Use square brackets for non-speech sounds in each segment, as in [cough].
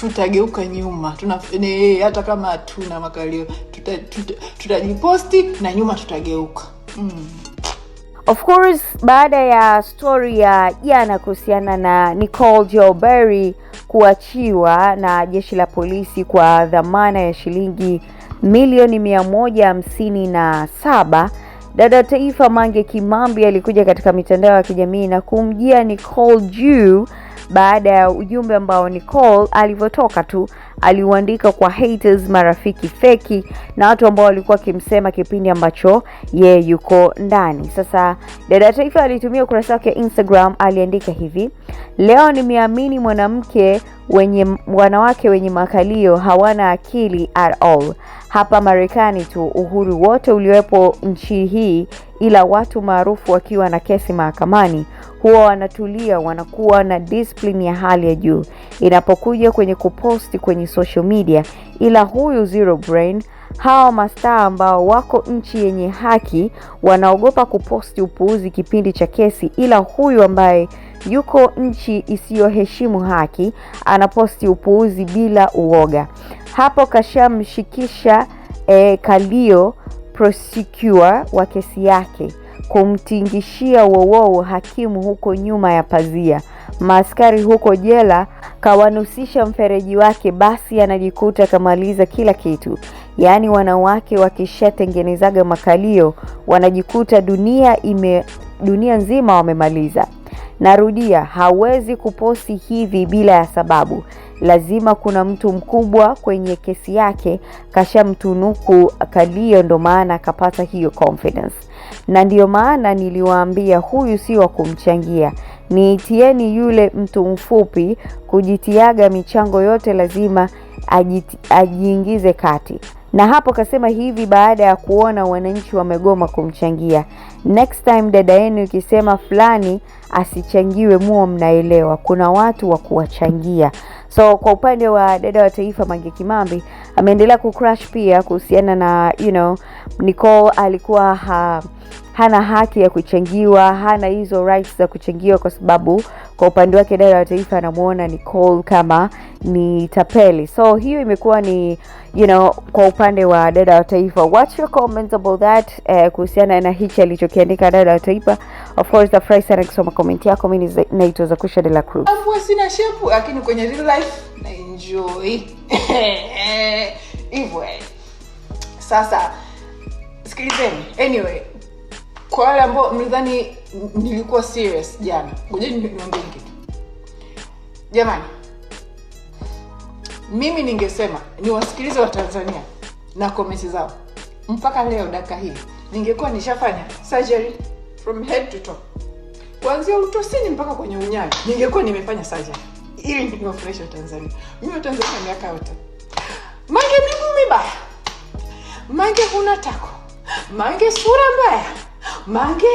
tutageuka nyuma tuna, ne, hata kama hatuna makalio tutajiposti tuta, tuta na nyuma tutageuka mm. Of course baada ya stori ya jana kuhusiana na Nicole jobery kuachiwa na jeshi la polisi kwa dhamana ya shilingi milioni 157, dada taifa Mange Kimambi alikuja katika mitandao ya kijamii na kumjia Nicole Joberry baada ya ujumbe ambao Nicole alivyotoka tu aliuandika kwa haters, marafiki feki na watu ambao walikuwa wakimsema kipindi ambacho ye yuko ndani. Sasa dada Taifa alitumia ukurasa wake Instagram, aliandika hivi: leo nimeamini mwanamke wenye wanawake wenye makalio hawana akili at all. Hapa Marekani tu uhuru wote uliopo nchi hii ila watu maarufu wakiwa na kesi mahakamani huwa wanatulia, wanakuwa na discipline ya hali ya juu inapokuja kwenye kuposti kwenye social media. Ila huyu Zero Brain, hawa mastaa ambao wako nchi yenye haki wanaogopa kuposti upuuzi kipindi cha kesi, ila huyu ambaye yuko nchi isiyoheshimu haki anaposti upuuzi bila uoga. Hapo kashamshikisha eh, kalio prosecutor wa kesi yake kumtingishia Wowow hakimu huko nyuma ya pazia. Maaskari huko jela kawanusisha mfereji wake, basi anajikuta kamaliza kila kitu. Yaani wanawake wakishatengenezaga makalio wanajikuta dunia ime dunia nzima wamemaliza. Narudia, hawezi kuposti hivi bila ya sababu lazima kuna mtu mkubwa kwenye kesi yake kashamtunuku kalio, ndo maana akapata hiyo confidence. Na ndiyo maana niliwaambia huyu si wa kumchangia, niitieni yule mtu mfupi kujitiaga michango yote, lazima ajiingize kati na hapo kasema hivi baada ya kuona wananchi wamegoma kumchangia. Next time dada yenu ikisema fulani asichangiwe, muo mnaelewa kuna watu wa kuwachangia. So kwa upande wa dada wa taifa Mange Kimambi ameendelea kucrash pia kuhusiana na you know, Nicole alikuwa ha hana haki ya kuchangiwa, hana hizo rights za kuchangiwa, kwa sababu kwa upande wake dada wa taifa anamwona Nicole kama ni tapeli. So hiyo imekuwa ni you know, kwa upande wa dada wa taifa. What's your comments about that eh, kuhusiana na hichi alichokiandika dada wa taifa? Of course nafurahi sana kusoma comment yako. Mimi naitwa Zakusha de la Cruz. Hapo sina shepu, lakini kwenye real life na enjoy [laughs] hivyo. Eh. Sasa sikilizeni, anyway kwa wale ambao mlidhani nilikuwa serious jana, ngojeni niwaambie kitu jamani. Mimi ningesema niwasikilize Watanzania na komenti zao mpaka leo dakika hii, ningekuwa nishafanya surgery from head to toe, kuanzia utosini mpaka kwenye unyayo, ningekuwa nimefanya surgery ili niwafurahisha Watanzania. Mimi Watanzania miaka yote mange miguu mibaya, mange huna tako, mange sura mbaya Mange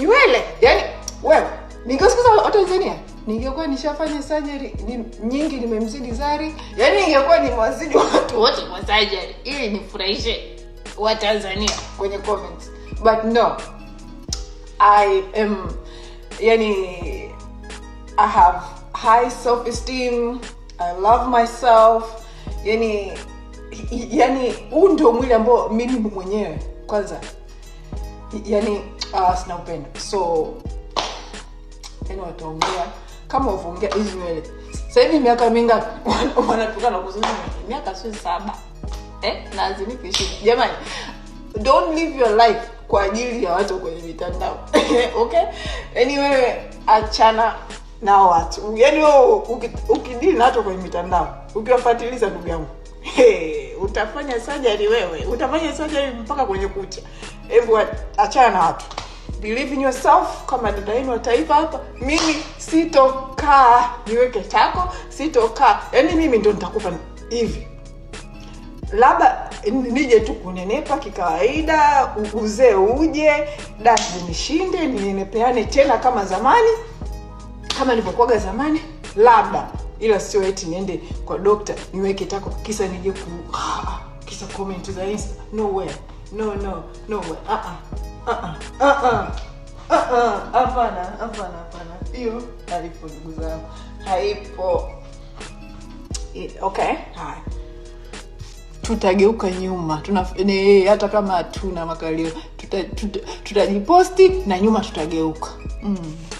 nywele yani, wewe ningesikiza Watanzania, ningekuwa nishafanya surgery ni, nyingi nimemzidi Zari, yani ningekuwa mwazidi watu wote kwa surgery ili nifurahishe Watanzania kwenye comments, but no I am yani I have high self esteem, I love myself. Yani yani huu ndio mwili ambao mimi mwenyewe kwanza yani uh, ah, sinaupenda so yani wataongea kama wavongea hizi nywele sasa hivi miaka mingapi [laughs] wanatoka na kuzuri miaka sio saba eh? naazini kuishi jamani don't live your life kwa ajili ya watu kwenye mitandao [laughs] okay yani wewe achana na watu yani ukidili na watu kwenye mitandao ukiwafatiliza ndugu yangu [laughs] hey, utafanya sajari wewe utafanya sajari mpaka kwenye kucha hebu achana na watu believe in yourself kama dadaini wa taifa hapa. Mimi sitokaa niweke tako, sitokaa yani mimi ndo nitakufa hivi, labda nije tu kunenepa kikawaida, uzee uje dasi nishinde ninenepeane tena kama zamani, kama nilivyokuwaga zamani, labda ila sio eti niende kwa dokta niweke tako kisa nije ku ah, ah, kisa comment za Insta. No way. No, no, no way. Uh-uh. Uh-uh. Uh-uh. Hapana, hapana, hapana, hiyo haipo ndugu zangu, haipo. Okay, haya, tutageuka nyuma tuna, ne, hata kama hatuna makalio tutajiposti tuta, tuta na nyuma tutageuka mm.